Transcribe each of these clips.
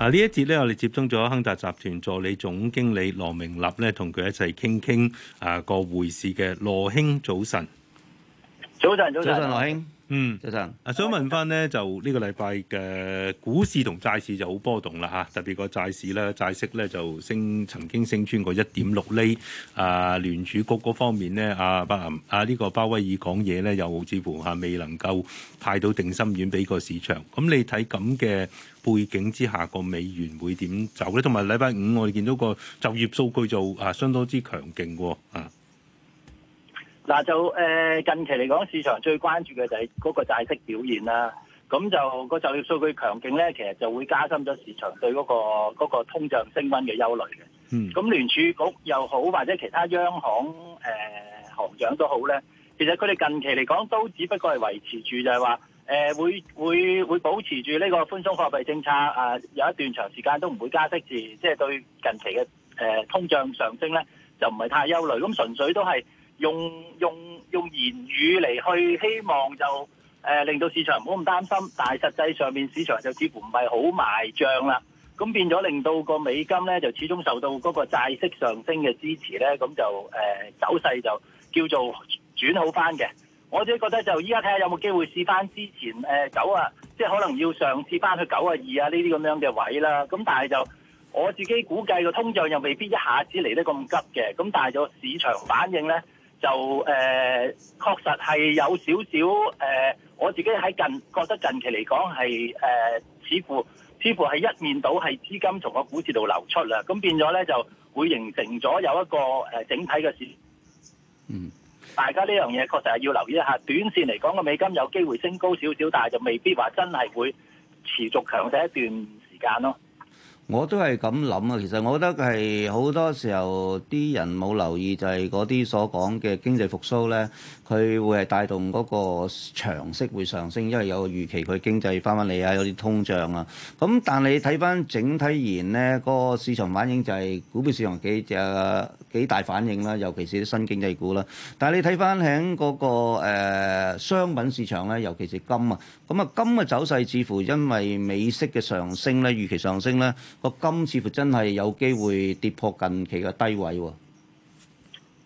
啊！這一節呢一節咧，我哋接通咗亨達集團助理總經理羅明立咧，同佢一齊傾傾啊個匯市嘅。羅兄，早晨，早晨，早晨，羅兄，嗯，早晨。啊，想問翻呢，就呢個禮拜嘅股市同債市就好波動啦吓，特別個債市咧，債息咧就升，曾經升穿過一點六厘。啊，聯儲局嗰方面咧，阿阿呢個鮑威爾講嘢呢，又似乎係未能夠派到定心丸俾個市場。咁你睇咁嘅。背景之下個美元會點走咧？同埋禮拜五我哋見到個就業數據就啊相當之強勁喎啊！嗱就誒近期嚟講，市場最關注嘅就係嗰個債息表現啦。咁就個就業數據強勁咧，其實就會加深咗市場對嗰個嗰個通脹升溫嘅憂慮嘅。嗯。咁聯儲局又好，或者其他央行誒行長都好咧，其實佢哋近期嚟講都只不過係維持住就係話。誒會會會保持住呢個寬鬆貨幣政策，啊有一段長時間都唔會加息，字即係對近期嘅誒、呃、通脹上升咧就唔係太憂慮。咁純粹都係用用用言語嚟去希望就誒、呃、令到市場唔好咁擔心，但係實際上面市場就似乎唔係好賣賬啦。咁變咗令到個美金咧就始終受到嗰個債息上升嘅支持咧，咁就誒、呃、走勢就叫做轉好翻嘅。我自己覺得就依家睇下有冇機會試翻之前誒、呃、九啊，即係可能要上次翻去九啊二啊呢啲咁樣嘅位啦。咁但係就我自己估計個通脹又未必一下子嚟得咁急嘅。咁但係就市場反應咧，就誒確、呃、實係有少少誒，我自己喺近覺得近期嚟講係誒，似乎似乎係一面倒係資金從個股市度流出啦。咁變咗咧就會形成咗有一個、呃、整體嘅市，嗯。大家呢樣嘢確實係要留意一下，短線嚟講，個美金有機會升高少少，但係就未必話真係會持續強勢一段時間咯。我都係咁諗啊！其實我覺得係好多時候啲人冇留意，就係嗰啲所講嘅經濟復甦咧，佢會係帶動嗰個長息會上升，因為有預期佢經濟翻返嚟啊，有啲通脹啊。咁但係你睇翻整體而言咧，嗰個市場反應就係股票市場幾就幾大反應啦，尤其是啲新經濟股啦。但係你睇翻喺嗰個誒商品市場咧，尤其是金啊，咁啊金嘅走勢似乎因為美息嘅上升咧，預期上升咧。個金似乎真係有機會跌破近期嘅低位喎。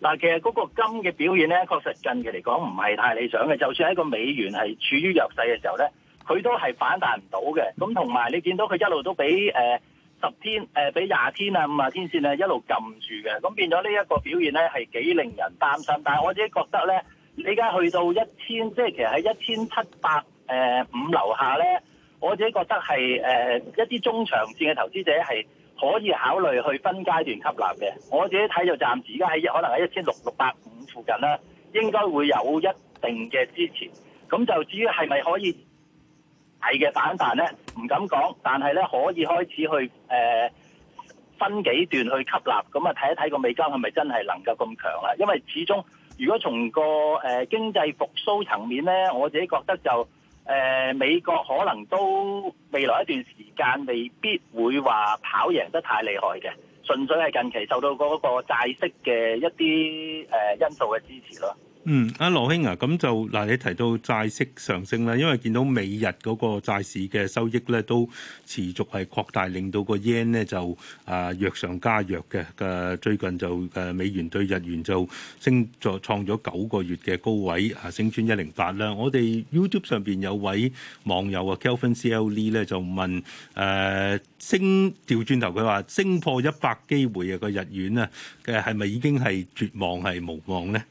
嗱，其實嗰個金嘅表現咧，確實近期嚟講唔係太理想嘅。就算喺個美元係處於弱勢嘅時候咧，佢都係反彈唔到嘅。咁同埋你見到佢一路都俾誒十天誒，俾廿天啊、五十天線咧一路撳住嘅，咁變咗呢一個表現咧係幾令人擔心。但係我自己覺得咧，依家去到一千，即係其實喺一千七百誒五樓下咧。我自己覺得係誒一啲中長線嘅投資者係可以考慮去分階段吸納嘅。我自己睇就暫時而家喺可能喺一千六六百五附近啦，應該會有一定嘅支持。咁就至於係咪可以大嘅反彈咧？唔敢講，但係咧可以開始去誒分幾段去吸納。咁啊睇一睇個美金係咪真係能夠咁強啦？因為始終如果從個誒經濟復甦層面咧，我自己覺得就。誒美國可能都未來一段時間未必會話跑贏得太厲害嘅，純粹係近期受到嗰個債息嘅一啲誒因素嘅支持咯。嗯，阿羅兄啊，咁就嗱，你提到債息上升啦，因為見到美日嗰個債市嘅收益咧，都持續係擴大，令到個 yen 咧就啊，弱、呃、上加弱嘅、呃。最近就、呃、美元對日元就升咗，創咗九個月嘅高位啊，升穿一零八啦。我哋 YouTube 上面有位網友啊，Kelvin、mm hmm. C L E 咧就問誒、呃、升調轉頭，佢話升破一百機會啊，個日元啊嘅係咪已經係絕望係無望咧？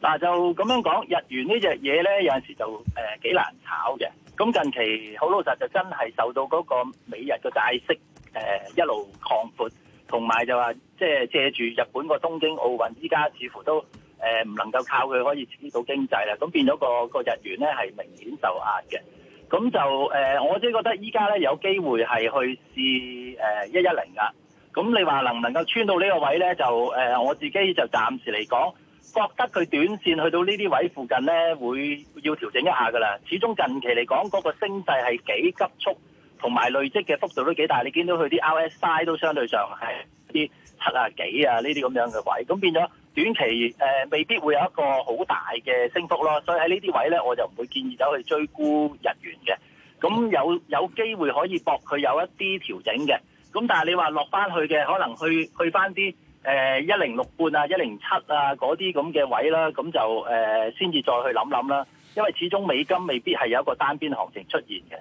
嗱、啊、就咁樣講，日元呢隻嘢咧，有陣時就誒幾、呃、難炒嘅。咁近期好老實就真係受到嗰個美日個債息誒、呃、一路擴闊，同埋就話即係借住日本個東京奧運，依家似乎都誒唔、呃、能夠靠佢可以刺激到經濟啦。咁變咗、那個個日元咧係明顯受壓嘅。咁就誒、呃，我自己覺得依家咧有機會係去試誒一一零噶。咁、呃、你話能唔能夠穿到呢個位咧？就誒、呃，我自己就暫時嚟講。覺得佢短線去到呢啲位附近呢，會要調整一下㗎喇。始終近期嚟講，嗰、那個升勢係幾急速，同埋累積嘅幅度都幾大。你見到佢啲 RSI 都相對上係啲七啊幾啊呢啲咁樣嘅位，咁變咗短期誒、呃、未必會有一個好大嘅升幅咯。所以喺呢啲位呢，我就唔會建議走去追沽日元嘅。咁有有機會可以搏佢有一啲調整嘅。咁但係你話落返去嘅，可能去去返啲。誒一零六半啊，一零七啊，嗰啲咁嘅位啦，咁就誒先至再去諗諗啦，因為始終美金未必係有一個單邊行情出現嘅。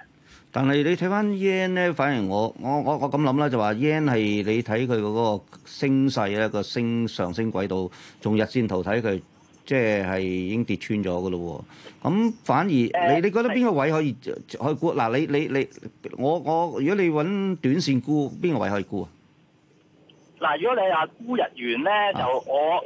但係你睇翻 yen 咧，反而我我我我咁諗啦，就話 yen 係你睇佢嗰個升勢咧，個升上升軌道，從日線圖睇佢，即係係已經跌穿咗嘅咯喎。咁反而你你覺得邊個位可以可以沽？嗱，你你你我我，如果你揾短線沽，邊個位可以沽啊？嗱、啊呃，如果你話沽日元咧，就我，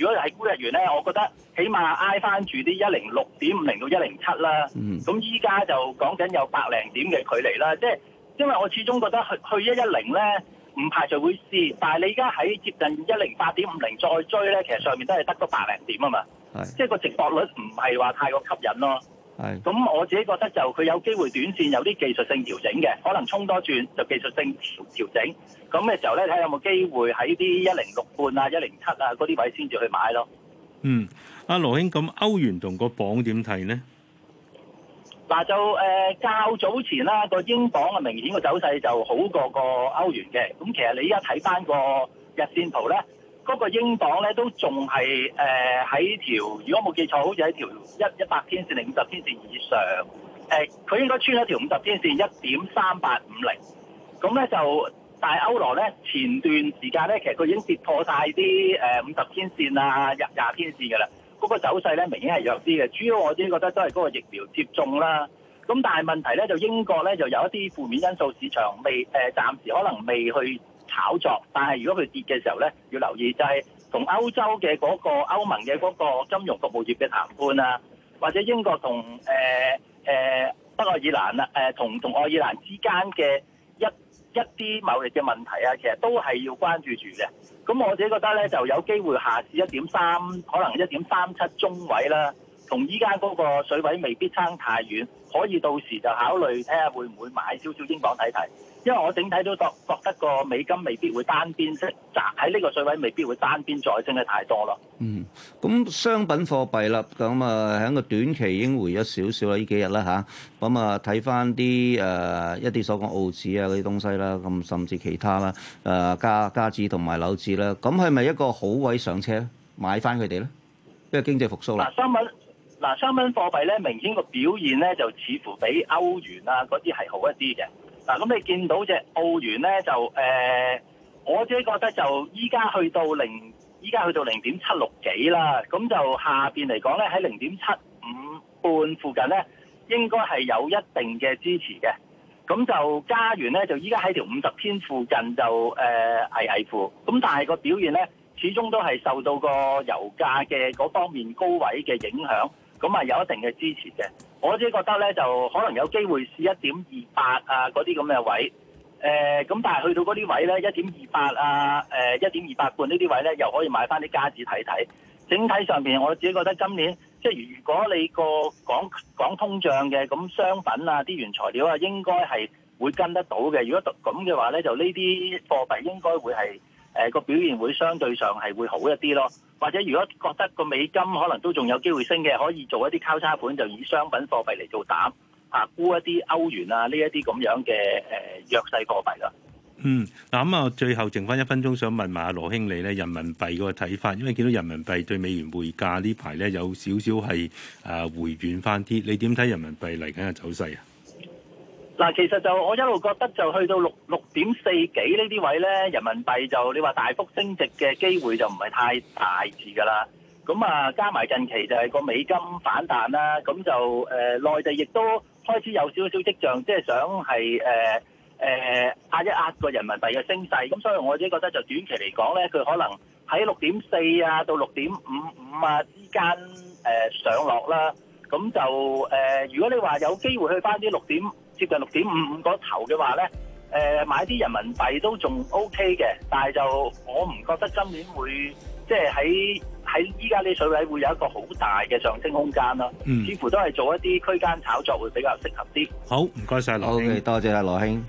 如果你喺沽日元咧，我覺得起碼挨翻住啲一零六點五零到一零七啦。咁依家就講緊有百零點嘅距離啦，即係因為我始終覺得去去一一零咧，唔排除會試，但係你依家喺接近一零八點五零再追咧，其實上面都係得個百零點啊嘛。啊即係個值博率唔係話太過吸引咯。係，咁我自己覺得就佢有機會短線有啲技術性調整嘅，可能衝多轉就技術性調調整，咁嘅時候咧睇下有冇機會喺啲一零六半啊、一零七啊嗰啲位先至去買咯。嗯，阿羅兄，咁歐元同個鎊點睇咧？嗱就誒較早前啦，個英鎊啊明顯個走勢就好過個歐元嘅，咁其實你依家睇翻個日線圖咧。嗰個英鎊咧都仲係誒喺條，如果冇記錯，好似喺條一一百天線定五十天線以上。誒、呃，佢應該穿咗條五十天線，一點三八五零。咁咧就，但係歐羅咧前段時間咧，其實佢已經跌破晒啲誒五十天線啊、廿廿天線嘅啦。嗰、那個走勢咧明顯係弱啲嘅，主要我自己覺得都係嗰個疫苗接種啦。咁但係問題咧就英國咧就有一啲負面因素，市場未誒、呃、暫時可能未去炒作，但係如果佢跌嘅時候咧，要留意就係同歐洲嘅嗰、嗰個歐盟嘅嗰個金融服務業嘅談判啊，或者英國同誒誒北愛爾蘭啊，誒同同愛爾蘭之間嘅一一啲貿易嘅問題啊，其實都係要關注住嘅。咁我自己覺得咧，就有機會下試一點三，可能一點三七中位啦，同依家嗰個水位未必差太遠，可以到時就考慮睇下會唔會買少少英鎊睇睇。因為我整體都覺覺得個美金未必會單邊，即係喺呢個水位未必會單邊再升得太多咯。嗯，咁商品貨幣啦，咁啊喺個短期已經回咗少少啦，呢幾日啦吓，咁啊睇翻啲誒一啲、呃、所講澳紙啊嗰啲東西啦，咁甚至其他啦，誒、呃、加加紙同埋樓紙啦，咁係咪一個好位上車買翻佢哋咧？因為經濟復甦啦。嗱商品，嗱商品貨幣咧，明顯個表現咧就似乎比歐元啊嗰啲係好一啲嘅。嗱，咁你見到隻澳元咧，就誒、呃，我自己覺得就依家去到零，依家去到零點七六幾啦，咁就下面嚟講咧，喺零點七五半附近咧，應該係有一定嘅支持嘅。咁就加元咧，就依家喺條五十天附近就係係岌岌乎，咁、呃、但係個表現咧，始終都係受到個油價嘅嗰方面高位嘅影響。咁啊，有一定嘅支持嘅。我自己覺得咧，就可能有機會試一點二八啊，嗰啲咁嘅位。誒、呃。咁但係去到嗰啲位咧，一點二八啊，誒、呃，一點二八半呢啲位咧，又可以買翻啲家子睇睇。整體上面。我自己覺得今年即係如果你個講講通脹嘅，咁商品啊、啲原材料啊，應該係會跟得到嘅。如果咁嘅話咧，就呢啲貨幣應該會係。誒個、呃、表現會相對上係會好一啲咯，或者如果覺得個美金可能都仲有機會升嘅，可以做一啲交叉盤，就以商品貨幣嚟做膽嚇沽、啊、一啲歐元啊呢一啲咁樣嘅誒、呃、弱勢貨幣啦、啊。嗯，嗱咁啊，最後剩翻一分鐘，想問埋阿羅兄你咧，人民幣嗰個睇法，因為見到人民幣對美元匯價呢排咧有少少係啊回軟翻啲，你點睇人民幣嚟緊嘅走勢啊？嗱，其實就我一路覺得就去到六六點四幾呢啲位咧，人民幣就你話大幅升值嘅機會就唔係太大致㗎啦。咁啊，加埋近期就係個美金反彈啦，咁就誒內地亦都開始有少少跡象，即係想係誒誒壓一壓個人民幣嘅升勢。咁所以我只覺得就短期嚟講咧，佢可能喺六點四啊到六點五五啊之間誒上落啦。咁就誒，如果你話有機會去翻啲六點。接近六點五五個頭嘅話咧，誒買啲人民幣都仲 O K 嘅，但係就我唔覺得今年會即係喺喺依家呢水位會有一個好大嘅上升空間咯，似乎都係做一啲區間炒作會比較適合啲。好，唔該曬羅兄，多謝阿羅兄。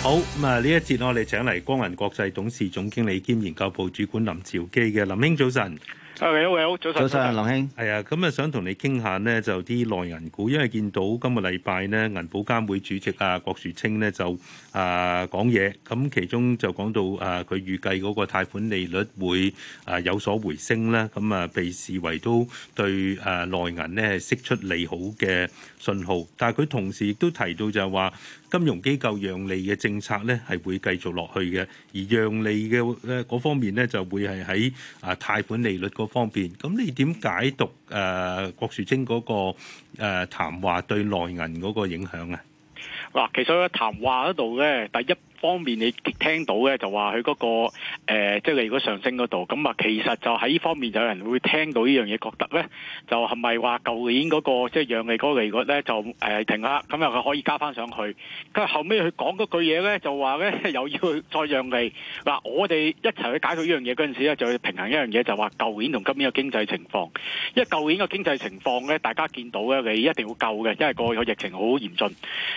好咁啊！呢一節我哋請嚟光銀國際董事總經理兼研究部主管林樵基嘅，林兄早晨。啊，你好，你好，早晨，早晨，林兄，係啊，咁啊，想同你傾下咧，就啲內銀股，因為見到今日禮拜咧，銀保監會主席啊，郭樹清咧就啊講嘢，咁其中就講到啊，佢預計嗰個貸款利率會啊有所回升咧，咁啊，被視為都對啊內銀咧釋出利好嘅信號。但係佢同時亦都提到就係話，金融機構讓利嘅政策咧係會繼續落去嘅，而讓利嘅咧嗰方面咧就會係喺啊貸款利率嗰。方便咁，那你點解讀誒、呃、郭樹清嗰、嗰個誒、呃、談話對內銀嗰個影響啊？嗱，其實佢談話嗰度咧，第一。方面你聽到咧，就話佢嗰個誒，即係利率上升嗰度，咁啊，其實就喺呢方面就有人會聽到呢樣嘢，覺得咧就係咪話舊年嗰個即係讓利嗰個利率咧就誒停啦，咁又佢可以加翻上去。跟住後尾佢講嗰句嘢咧，就話咧又要再讓利嗱，我哋一齊去解決呢樣嘢嗰陣時咧，就去平衡一樣嘢，就話舊年同今年嘅經濟情況，因為舊年嘅經濟情況咧，大家見到咧，你一定要救嘅，因為過去疫情好嚴峻，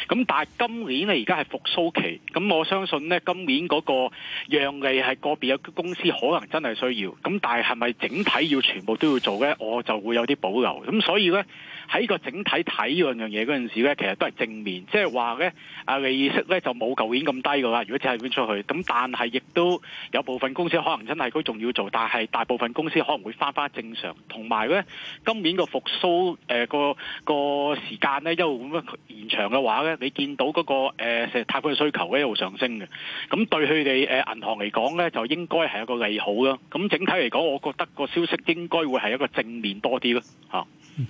咁但係今年你而家係復甦期，咁我。相信咧，今年嗰個讓利係個別嘅公司可能真係需要，咁但係係咪整體要全部都要做咧？我就會有啲保留，咁所以咧。喺個整體睇呢樣嘢嗰陣時咧，其實都係正面，即係話呢，啊利息呢就冇舊年咁低噶啦。如果借貸款出去，咁但係亦都有部分公司可能真係佢仲要做，但係大部分公司可能會返返正常。同埋呢，今年復蘇、呃、個復甦誒個個時間呢，一路咁延長嘅話呢，你見到嗰、嗰個誒貸款嘅需求咧一路上升嘅，咁對佢哋誒銀行嚟講呢，就應該係一個利好咯。咁整體嚟講，我覺得個消息應該會係一個正面多啲咯，嚇、啊。嗯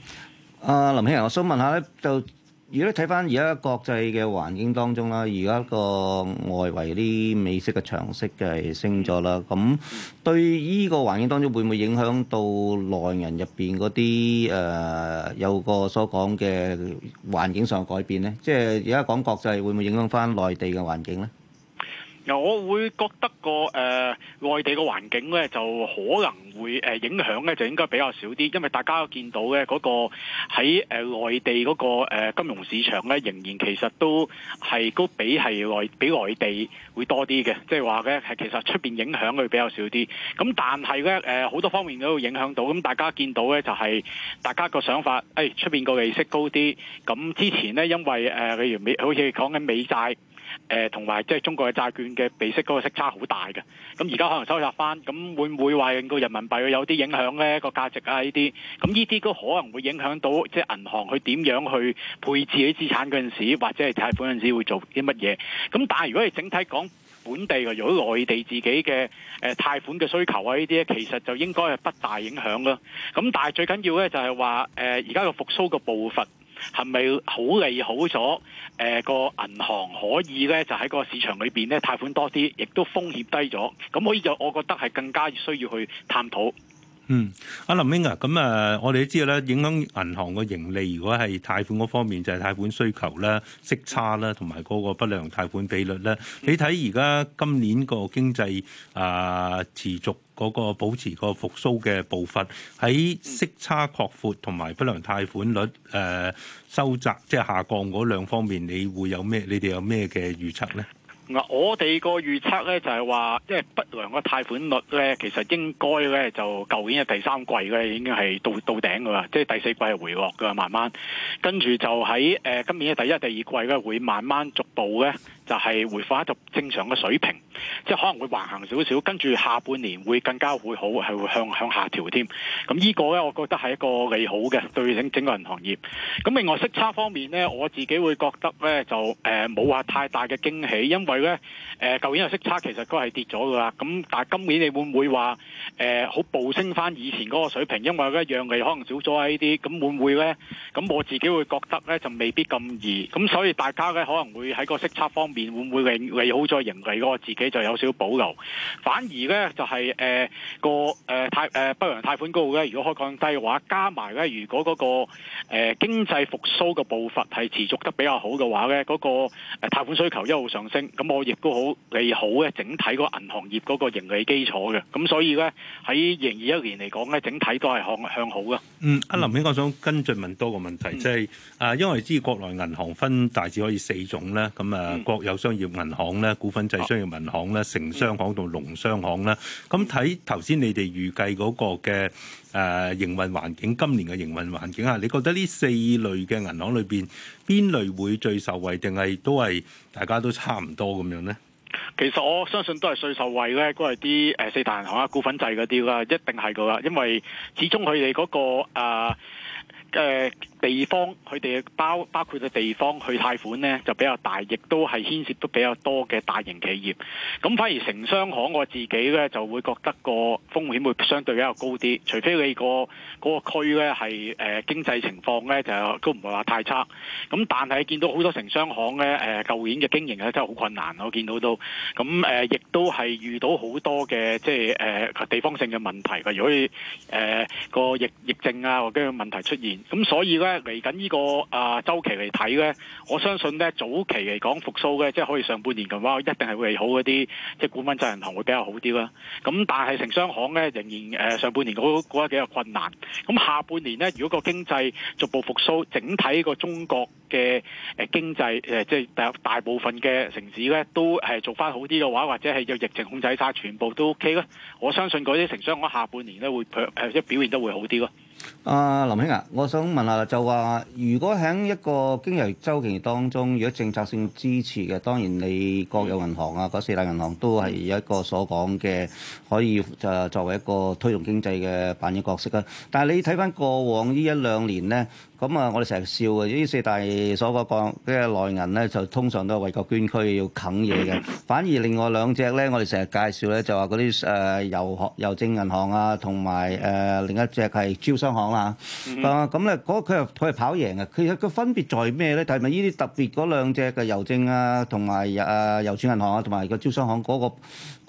啊、呃，林兄，我想問下咧，就如果你睇翻而家國際嘅環境當中啦，而家個外圍啲美式嘅長息嘅升咗啦，咁對依個環境當中會唔會影響到內銀入邊嗰啲誒有個所講嘅環境上改變咧？即係而家講國際會唔會影響翻內地嘅環境咧？我會覺得個誒外、呃、地個環境咧，就可能會、呃、影響咧，就應該比較少啲，因為大家都見到咧嗰、那個喺誒內地嗰、那個、呃、金融市場咧，仍然其實都係都比係比內地會多啲嘅，即係話咧其實出面影響佢比較少啲。咁但係咧好多方面都會影響到，咁大家見到咧就係、是、大家個想法，誒、哎、出面個利息高啲，咁之前咧因為誒、呃、例如美好似講緊美債。誒，同埋即係中國嘅債券嘅利息嗰個息差好大嘅，咁而家可能收窄翻，咁會唔會話個人民幣會有啲影響呢個價值啊？呢啲，咁呢啲都可能會影響到即係銀行去點樣去配置啲資產嗰陣時，或者係貸款嗰陣時會做啲乜嘢？咁但係如果你整體講本地嘅，如果內地自己嘅誒貸款嘅需求啊呢啲，其實就應該係不大影響啦。咁但係最緊要咧就係話，誒而家個復蘇嘅步伐。係咪好利好咗？誒、呃，個銀行可以咧，就喺個市場裏邊咧貸款多啲，亦都風險低咗。咁可以就我覺得係更加需要去探討。嗯，阿林英啊，咁啊，我哋都知道啦，影響銀行個盈利，如果係貸款嗰方面，就係、是、貸款需求啦、息差啦，同埋嗰個不良貸款比率咧。你睇而家今年個經濟啊、呃、持續嗰個保持個復甦嘅步伐，喺息差擴闊同埋不良貸款率誒、呃、收窄，即、就、係、是、下降嗰兩方面，你會有咩？你哋有咩嘅預測咧？我哋個預測呢，就係話，因係不良嘅貸款率呢，其實應該呢，就舊年嘅第三季呢，已經係到到頂噶啦，即係第四季係回落噶，慢慢跟住就喺誒今年嘅第一、第二季呢，會慢慢逐步呢，就係回復一啲正常嘅水平，即係可能會橫行少少，跟住下半年會更加會好，係會向向下調添。咁呢個呢，我覺得係一個利好嘅對整整個銀行業。咁另外息差方面呢，我自己會覺得呢就誒冇話太大嘅驚喜，因為呢，誒、呃、舊年嘅息差其實都係跌咗噶啦。咁但今年你會唔會話誒好暴升翻以前嗰個水平？因為呢一樣利可能少咗啊啲，咁會唔會呢？咁我自己會覺得呢就未必咁易。咁所以大家呢，可能會喺個息差方面。會唔會利利好再盈利，我自己就有少少保留，反而咧就係誒個誒貸誒不良貸款高咧，如果可降低嘅話，加埋咧如果嗰、那個誒、呃、經濟復蘇嘅步伐係持續得比較好嘅話咧，嗰、那個誒貸款需求一路上升，咁我亦都好利好咧整體嗰個銀行業嗰個盈利基礎嘅，咁所以咧喺二零二一年嚟講咧，整體都係向向好噶嗯，阿林兄，我想跟進問多個問題，即係、嗯就是、啊，因為知國內銀行分大致可以四種咧，咁啊、嗯、國有。有商業銀行咧、股份制商業銀行咧、城商行同農商行啦。咁睇頭先你哋預計嗰個嘅誒營運環境，今年嘅營運環境啊，你覺得呢四類嘅銀行裏邊邊類會最受惠，定係都係大家都差唔多咁樣咧？其實我相信都係最受惠咧，都係啲誒四大銀行啊、股份制嗰啲啦，一定係噶啦，因為始終佢哋嗰個誒。誒、呃、地方佢哋包包括嘅地方去貸款呢就比較大，亦都係牽涉都比較多嘅大型企業。咁反而城商行我自己呢就會覺得個風險會相對比較高啲，除非你、個嗰區、個、呢係係誒經濟情況呢就都唔會話太差。咁但係見到好多城商行呢誒舊、呃、年嘅經營呢真係好困難，我見到、呃、都咁亦都係遇到好多嘅即係誒地方性嘅問題，如果誒、呃、個疫疫症啊或者問題出現。咁所以咧，嚟緊、這個呃、呢個啊周期嚟睇咧，我相信咧早期嚟講復甦嘅即係可以上半年嘅話，一定係會好嗰啲即係股份制銀行會比較好啲啦。咁但係城商行咧仍然誒、呃、上半年覺得比較困難。咁下半年咧，如果個經濟逐步復甦，整體個中國嘅經濟即係、呃就是、大大部分嘅城市咧都係做翻好啲嘅話，或者係有疫情控制晒，全部都 OK 啦，我相信嗰啲城商行下半年咧會即、呃、表現得會好啲咯。啊、呃，林兄啊，我想問下就話，如果喺一個經濟周期當中，如果政策性支持嘅，當然你國有銀行啊，嗰四大銀行都係有一個所講嘅，可以誒作為一個推動經濟嘅扮演角色啊。但係你睇翻過往呢一兩年咧，咁啊，我哋成日笑嘅呢四大所嗰個即係內銀咧，就通常都係為國捐軀要啃嘢嘅。反而另外兩隻咧，我哋成日介紹咧，就話嗰啲誒，郵學郵政銀行啊，同埋誒另一隻係招商。行啦，啊咁咧，佢又佢係跑贏嘅，佢佢分別在咩咧？係咪呢啲特別嗰兩隻嘅郵政啊，同埋啊郵儲銀行啊，同埋個招商行嗰、嗰個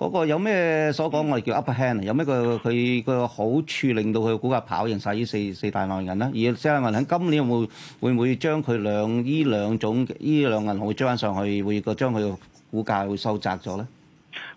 嗰個有咩所講？我哋叫 upper hand 有咩個佢個好處令到佢股價跑贏晒？呢四四大內銀咧？而四大銀行今年有冇會唔會，會將佢兩呢兩種呢兩銀行會追翻上去，會個將佢個股價會收窄咗咧？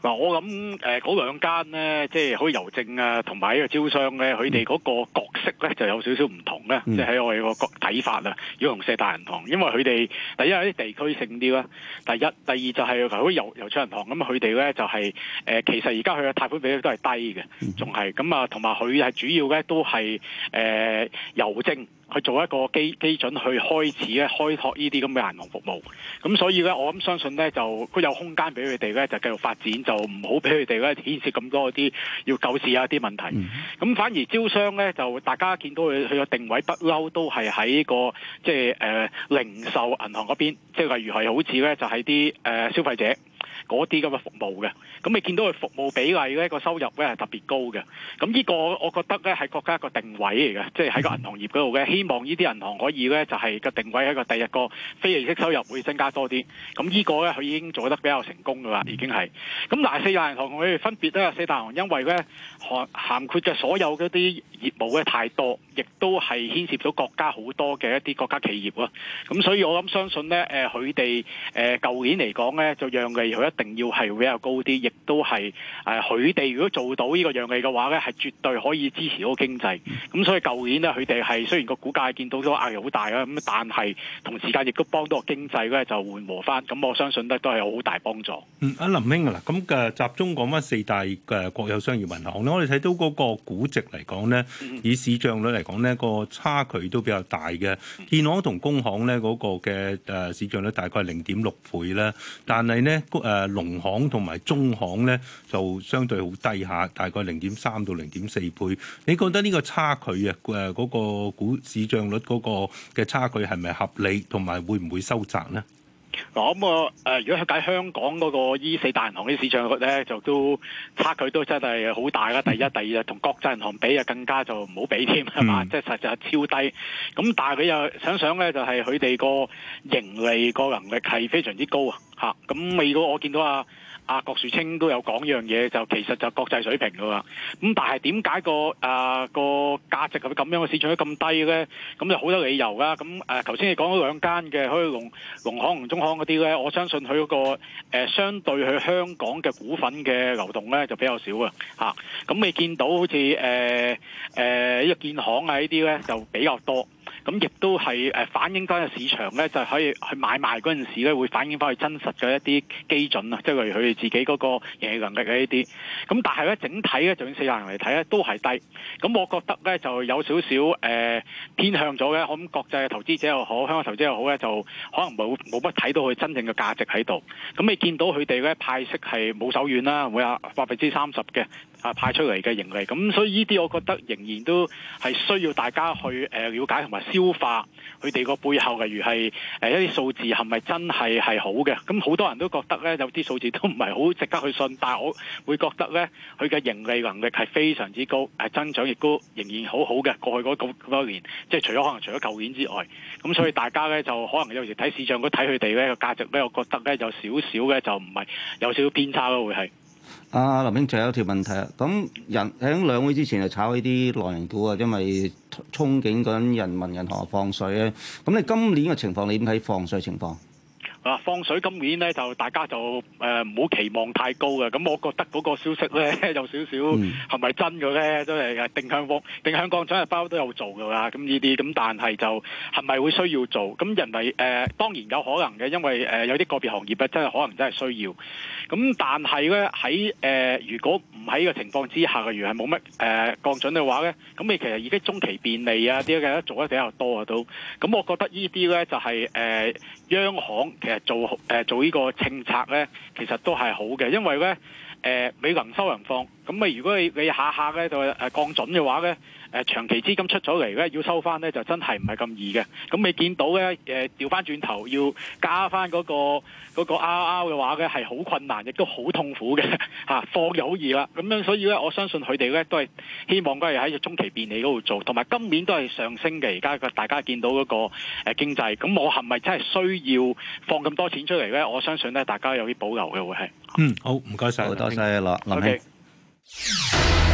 嗱，我諗誒嗰兩間咧，即係好似郵政啊，同埋呢個招商咧，佢哋嗰個角色咧就有少少唔同咧，即係喺我哋個睇法啦。要用四大銀行，因為佢哋第一有啲地區性啲啦，第一、第二就係好似郵郵儲銀行咁佢哋咧就係、是、誒、呃，其實而家佢嘅貸款比率都係低嘅，仲係咁啊，同埋佢係主要咧都係誒郵政去做一個基基準去開始咧開拓呢啲咁嘅銀行服務。咁所以咧，我諗相信咧，就佢有空間俾佢哋咧，就繼續發展就唔好俾佢哋咧牽涉咁多啲要救市啊啲問題，咁反而招商咧就大家見到佢佢個定位不嬲都係喺個即係誒零售銀行嗰邊，即係例如係好似咧就係啲誒消費者。嗰啲咁嘅服務嘅，咁你見到佢服務比例咧個收入咧係特別高嘅，咁依個我我覺得咧係國家一個定位嚟嘅，即係喺個銀行業嗰度嘅，希望依啲銀行可以咧就係個定位喺個第一個非利息收入會增加多啲，咁依個咧佢已經做得比較成功噶啦，已經係，咁嗱四大銀行佢哋分別都有四大行，因為咧涵涵括嘅所有嗰啲業務咧太多，亦都係牽涉咗國家好多嘅一啲國家企業啊，咁所以我諗相信咧誒佢哋誒舊年嚟講咧就讓利佢一定要係比較高啲，亦都係誒佢哋如果做到呢個讓利嘅話咧，係絕對可以支持嗰個經濟。咁所以舊年呢，佢哋係雖然個股價見到都壓力好大啦，咁但係同時間亦都幫到個經濟咧，就緩和翻。咁我相信咧都係有好大幫助。嗯，阿林兄啊嗱，咁嘅集中講翻四大嘅國有商業銀行咧，我哋睇到嗰個估值嚟講咧，以市賬率嚟講咧，個差距都比較大嘅。建行同工行咧嗰個嘅誒市賬率大概零點六倍啦，但係咧誒。呃農行同埋中行咧就相對好低下，大概零點三到零點四倍。你覺得呢個差距啊，誒、嗰個股市漲率嗰個嘅差距係咪合理，同埋會唔會收窄呢？嗱咁啊，誒、嗯、如果喺香港嗰個 E 四大銀行啲市場咧，就都差距都真係好大啦。第一、第二啊，同國際銀行比啊，更加就唔好比添，係嘛、嗯？即係實在係超低。咁但係佢又想想咧，就係佢哋個盈利個能力係非常之高啊！嚇，咁未到我見到啊。阿、啊、郭樹清都有講樣嘢，就其實就國際水平噶啦。咁但係點解個誒、啊、個價值咁樣嘅市場咁低咧？咁就好多理由㗎。咁誒頭先你講咗兩間嘅，去農農行同中行嗰啲咧，我相信佢嗰、那個、呃、相對佢香港嘅股份嘅流動咧就比較少啊。嚇，咁你見到好似誒誒呢個建行啊呢啲咧就比較多。咁亦都係反映翻個市場咧，就是、可以去買賣嗰陣時咧，會反映翻去真實嘅一啲基準啊，即係例如佢哋自己嗰個盈利能力嘅呢啲。咁但係咧，整體咧，就四大行嚟睇咧，都係低。咁我覺得咧，就有少少誒偏向咗嘅。我諗國際嘅投資者又好，香港投資又好咧，就可能冇冇乜睇到佢真正嘅價值喺度。咁你見到佢哋咧派息係冇手軟啦，會有百分之三十嘅，派出嚟嘅盈利，咁所以呢啲，我覺得仍然都係需要大家去誒了解同埋消化佢哋個背後，例如係誒一啲數字係咪真係係好嘅？咁好多人都覺得呢，有啲數字都唔係好值得去信。但係我會覺得呢，佢嘅盈利能力係非常之高，係增長亦都仍然好好嘅。過去嗰咁咁多年，即係除咗可能除咗舊年之外，咁所以大家呢，就可能有時睇市場都睇佢哋呢個價值呢，我覺得呢，有少少呢，就唔係有少少偏差咯，會係。阿、啊、林兄，仲有一條問題啊。咁人喺兩會之前就炒呢啲內銀股啊，因為憧憬緊人民銀行放水咧。咁你今年嘅情況，你點睇放水情況？放水今年咧就大家就誒唔好期望太高嘅，咁我覺得嗰個消息咧有少少係咪真嘅咧，都、就、係、是、定向風、定向降準，係包都有做㗎啦。咁呢啲咁，但係就係咪會需要做？咁人為誒、呃、當然有可能嘅，因為誒、呃、有啲個別行業啊，真係可能真係需要。咁但係咧喺誒如果唔喺個情況之下嘅，如係冇乜誒降準嘅話咧，咁你其實已經中期便利啊啲嘅做得比較多啊都。咁我覺得呢啲咧就係、是、誒、呃、央行其實做誒，做個政策呢個清拆咧，其實都係好嘅，因為咧誒、呃，你能收人放，咁啊，如果你你下下咧就誒降準嘅話咧。長期資金出咗嚟咧，要收翻咧就真係唔係咁易嘅。咁未見到咧，誒調翻轉頭要加翻嗰個嗰個拗拗嘅話咧，係好困難，亦都好痛苦嘅嚇，放又好易啦。咁樣所以咧，我相信佢哋咧都係希望佢係喺中期便利嗰度做，同埋今年都係上升嘅。而家大家見到嗰個誒經濟，咁我係咪真係需要放咁多錢出嚟咧？我相信咧，大家有啲保留嘅會係。嗯，好唔該曬，好多謝羅林兄。林兄，okay.